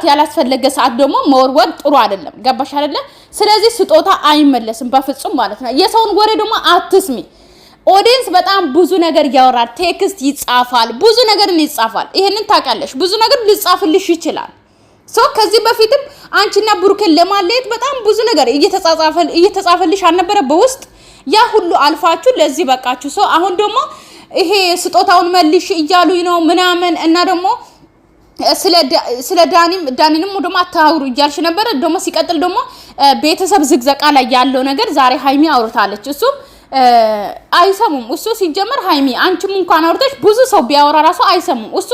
ሰዓት ያላስፈለገ ሰዓት ደግሞ መወርወር ጥሩ አይደለም። ገባሽ አይደለ? ስለዚህ ስጦታ አይመለስም በፍጹም ማለት ነው። የሰውን ወሬ ደግሞ አትስሚ። ኦዲየንስ በጣም ብዙ ነገር ያወራል። ቴክስት ይጻፋል፣ ብዙ ነገር ይጻፋል። ይሄንን ታውቂያለሽ። ብዙ ነገር ሊጻፍልሽ ይችላል። ሶ ከዚህ በፊትም አንቺና ብሩኬን ለማለየት በጣም ብዙ ነገር እየተጻፈልሽ አልነበረ? በውስጥ ያ ሁሉ አልፋችሁ ለዚህ በቃችሁ። ሶ አሁን ደግሞ ይሄ ስጦታውን መልሽ እያሉኝ ነው ምናምን እና ደግሞ ስለ ዳኒም ዳኒንም ደግሞ አታውሩ እያልሽ ነበረ። ደግሞ ሲቀጥል ደግሞ ቤተሰብ ዝግዘቃ ላይ ያለው ነገር ዛሬ ሀይሚ አውርታለች። እሱም አይሰሙም። እሱ ሲጀመር ሀይሚ አንቺም እንኳን አውርተሽ ብዙ ሰው ቢያወራ ራሱ አይሰሙም። እሱ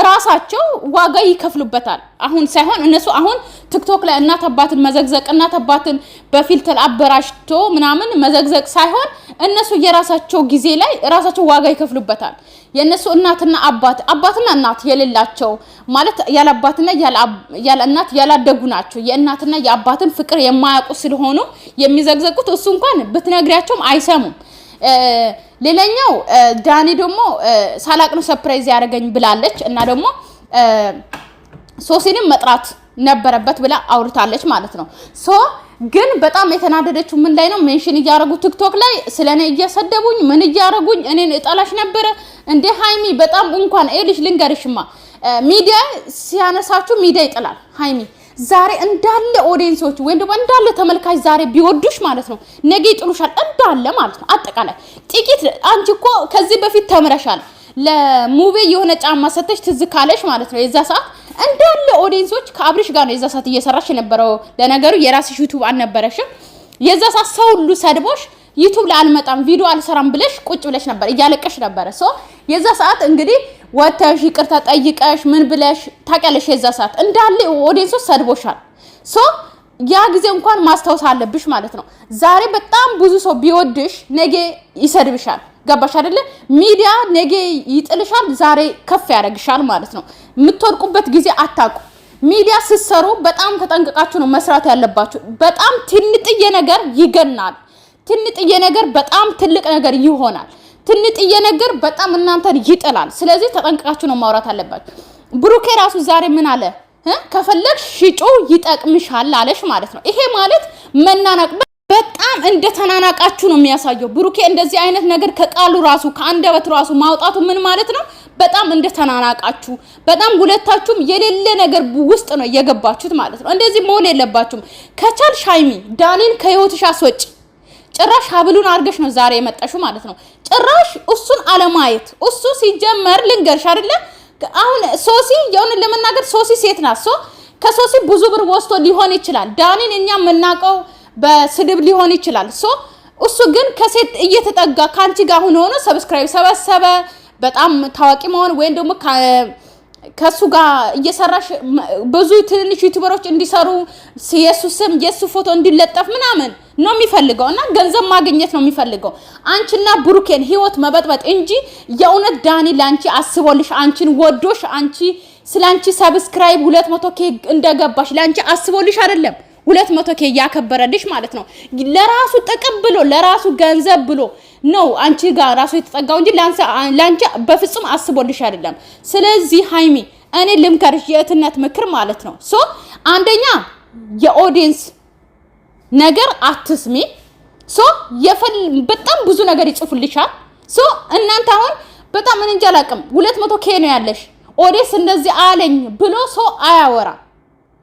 እራሳቸው ዋጋ ይከፍሉበታል። አሁን ሳይሆን እነሱ አሁን ቲክቶክ ላይ እናት አባትን መዘግዘቅ እናት አባትን በፊልተር አበራሽቶ ምናምን መዘግዘቅ ሳይሆን እነሱ የራሳቸው ጊዜ ላይ ራሳቸው ዋጋ ይከፍሉበታል። የእነሱ እናትና አባት አባትና እናት የሌላቸው ማለት ያለ አባትና ያለ እናት ያላደጉ ናቸው። የእናትና የአባትን ፍቅር የማያውቁ ስለሆኑ የሚዘግዘቁት እሱ እንኳን ብትነግሪያቸውም አይሰሙም። ሌላኛው ዳኒ ደግሞ ሳላቅ ነው ሰፕራይዝ ያደረገኝ ብላለች እና ደግሞ ሶሲንም መጥራት ነበረበት ብላ አውርታለች ማለት ነው። ሶ ግን በጣም የተናደደችው ምን ላይ ነው? ሜንሽን እያደረጉ ቲክቶክ ላይ ስለ እኔ እያሰደቡኝ ምን እያደረጉኝ እኔን እጠላሽ ነበረ እንዴ ሃይሚ በጣም እንኳን ኤልሽ ልንገርሽማ፣ ሚዲያ ሲያነሳችሁ ሚዲያ ይጥላል ሃይሚ ዛሬ እንዳለ ኦዲየንሶች ወይም ደግሞ እንዳለ ተመልካች ዛሬ ቢወዱሽ ማለት ነው ነገ ይጥሉሻል፣ እንዳለ ማለት ነው። አጠቃላይ ጥቂት አንቺ እኮ ከዚህ በፊት ተምረሻል። ለሙቤ የሆነ ጫማ ሰተሽ ትዝ ካለሽ ማለት ነው የዛ ሰዓት እንዳለ ኦዲየንሶች ከአብሪሽ ጋር ነው የዛ ሰዓት እየሰራሽ የነበረው። ለነገሩ የራስሽ ዩቱብ አልነበረሽም። የዛ ሰዓት ሰው ሁሉ ሰድቦሽ ዩቱብ ላይ አልመጣም ቪዲዮ አልሰራም ብለሽ ቁጭ ብለሽ ነበር፣ እያለቀሽ ነበረ። ሶ የዛ ሰዓት እንግዲህ ወተሽ ይቅርታ ጠይቀሽ ምን ብለሽ ታውቂያለሽ። የዛ ሰዓት እንዳለ ኦዲየንሶች ሰድቦሻል። ሶ ያ ጊዜ እንኳን ማስታወስ አለብሽ ማለት ነው። ዛሬ በጣም ብዙ ሰው ቢወድሽ ነገ ይሰድብሻል። ገባሽ አይደለ? ሚዲያ ነገ ይጥልሻል፣ ዛሬ ከፍ ያደርግሻል ማለት ነው። የምትወድቁበት ጊዜ አታውቁ። ሚዲያ ስትሰሩ በጣም ተጠንቅቃችሁ ነው መስራት ያለባችሁ። በጣም ትንጥዬ ነገር ይገናል። ትንጥዬ ነገር በጣም ትልቅ ነገር ይሆናል። ትንጥዬ ነገር በጣም እናንተን ይጥላል። ስለዚህ ተጠንቅቃችሁ ነው ማውራት አለባችሁ። ብሩኬ ራሱ ዛሬ ምን አለ? ከፈለግ ሽጮ ይጠቅምሻል አለሽ ማለት ነው። ይሄ ማለት መናናቅ በጣም እንደተናናቃችሁ ነው የሚያሳየው። ብሩኬ እንደዚህ አይነት ነገር ከቃሉ ራሱ ከአንደበት ራሱ ማውጣቱ ምን ማለት ነው? በጣም እንደተናናቃችሁ ተናናቃችሁ፣ በጣም ሁለታችሁም የሌለ ነገር ውስጥ ነው የገባችሁት ማለት ነው። እንደዚህ መሆን የለባችሁም። ከቻልሽ ሀይሚ ዳኒን ከህይወትሽ አስወጪ። ጭራሽ ሀብሉን አድርገሽ ነው ዛሬ የመጣሽው ማለት ነው። ጭራሽ እሱን አለማየት እሱ ሲጀመር ልንገርሽ አይደለ አሁን ሶሲ የሆነ ለመናገር ሶሲ ሴት ናት። ሶ ከሶሲ ብዙ ብር ወስቶ ሊሆን ይችላል። ዳኒን እኛ የምናውቀው በስድብ ሊሆን ይችላል። ሶ እሱ ግን ከሴት እየተጠጋ ከአንቺ ጋር ሆኖ ሆኖ ሰብስክራይብ ሰበሰበ። በጣም ታዋቂ መሆን ወይም ደግሞ ከሱ ጋር እየሰራሽ ብዙ ትንንሽ ዩቱበሮች እንዲሰሩ የሱ ስም የሱ ፎቶ እንዲለጠፍ ምናምን ነው የሚፈልገው እና ገንዘብ ማግኘት ነው የሚፈልገው። አንቺና ብሩኬን ህይወት መበጥበጥ እንጂ የእውነት ዳኒ ለአንቺ አስቦልሽ አንቺን ወዶሽ አንቺ ስለ አንቺ ሰብስክራይብ ሁለት መቶ ኬ እንደገባሽ ለአንቺ አስቦልሽ አይደለም። ሁለት መቶ ኬ እያከበረልሽ ማለት ነው። ለራሱ ጥቅም ብሎ ለራሱ ገንዘብ ብሎ ነው አንቺ ጋር ራሱ የተጠጋው እንጂ ለአንቺ በፍጹም አስቦልሽ አይደለም። ስለዚህ ሀይሚ እኔ ልምከርሽ የእህትነት ምክር ማለት ነው። ሶ አንደኛ የኦዲየንስ ነገር አትስሚ። ሶ በጣም ብዙ ነገር ይጽፉልሻል። ሶ እናንተ አሁን በጣም እንጃ አላቅም። ሁለት መቶ ኬ ነው ያለሽ ኦዲየንስ እንደዚህ አለኝ ብሎ ሰው አያወራ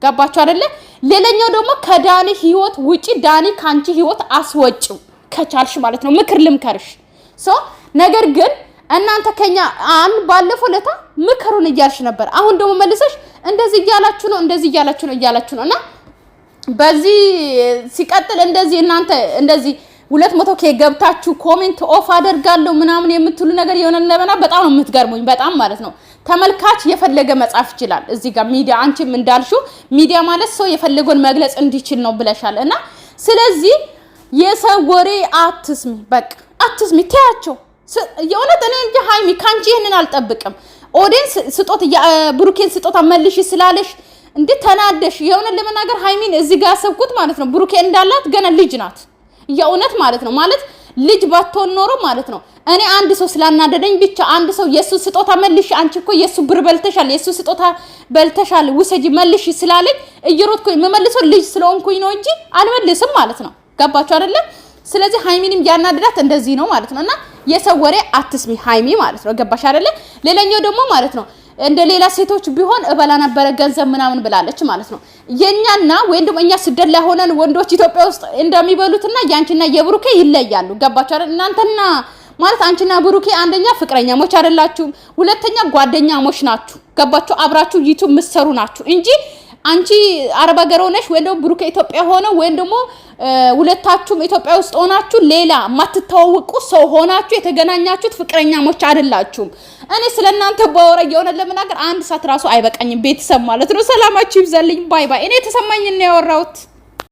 ገባችሁ አይደለ? ሌላኛው ደግሞ ከዳኒ ህይወት ውጪ ዳኒ ካንቺ ህይወት አስወጭ ከቻልሽ ማለት ነው። ምክር ልምከርሽ ሶ ነገር ግን እናንተ ከኛ አን ባለፈው ለታ ምክሩን እያልሽ ነበር። አሁን ደግሞ መልሰሽ እንደዚህ እያላችሁ ነው፣ እንደዚህ እያላችሁ ነው እያላችሁ ነው እና በዚህ ሲቀጥል እንደዚህ እናንተ እንደዚህ ሁለት መቶ ኬ ገብታችሁ ኮሜንት ኦፍ አደርጋለሁ ምናምን የምትሉ ነገር የሆነ ለበና በጣም ነው የምትገርሙኝ፣ በጣም ማለት ነው። ተመልካች የፈለገ መጻፍ ይችላል። እዚህ ጋር ሚዲያ አንቺም እንዳልሹ ሚዲያ ማለት ሰው የፈለገውን መግለጽ እንዲችል ነው ብለሻል። እና ስለዚህ የሰው ወሬ አትስሚ፣ በቃ አትስሚ፣ ተያቸው። የእውነት እኔ እንጂ ሀይሚ ካንቺ ይህንን አልጠብቅም። ኦዲንስ ስጦት ብሩኬን ስጦታ መልሽ ስላለሽ እንዴት ተናደሽ። የእውነት ለመናገር ሀይሚን እዚህ ጋር ያሰብኩት ማለት ነው ብሩኬ እንዳላት ገና ልጅ ናት። የእውነት ማለት ነው ማለት ልጅ ባትሆን ኖሮ ማለት ነው። እኔ አንድ ሰው ስላናደደኝ ብቻ አንድ ሰው የሱ ስጦታ መልሽ፣ አንቺ እኮ የሱ ብር በልተሻል፣ የሱ ስጦታ በልተሻል፣ ውሰጂ መልሽ ስላለኝ እየሮጥኩ የምመልሰው ልጅ ስለሆንኩኝ ነው እንጂ አልመልስም ማለት ነው። ገባችሁ አይደለም? ስለዚህ ሀይሚንም ያናደዳት እንደዚህ ነው ማለት ነው። እና የሰው ወሬ አትስሚ ሀይሚ ማለት ነው። ገባሽ አይደለ? ሌላኛው ደግሞ ማለት ነው እንደ ሌላ ሴቶች ቢሆን እበላ ነበረ ገንዘብ ምናምን ብላለች ማለት ነው። የኛና ወይም ደግሞ እኛ ስደት ላይ ሆነን ወንዶች ኢትዮጵያ ውስጥ እንደሚበሉትና ያንቺና የብሩኬ ይለያሉ። ገባችሁ አይደል? እናንተና ማለት አንቺና ብሩኬ አንደኛ ፍቅረኛሞች አይደላችሁም፣ ሁለተኛ ጓደኛሞች ናችሁ። ገባችሁ? አብራችሁ ዩቱብ ምሰሩ ናችሁ እንጂ አንቺ አረብ ሀገር ሆነሽ ወይም ደግሞ ብሩክ ኢትዮጵያ ሆነ ወይም ደግሞ ሁለታችሁም ኢትዮጵያ ውስጥ ሆናችሁ ሌላ የማትተዋወቁ ሰው ሆናችሁ የተገናኛችሁት ፍቅረኛሞች አይደላችሁም። እኔ ስለእናንተ ባወራ የሆነ ለመናገር አንድ ሰዓት ራሱ አይበቃኝም። ቤተሰብ ማለት ነው። ሰላማችሁ ይብዛልኝ። ባይ ባይ። እኔ የተሰማኝ ነው ያወራሁት።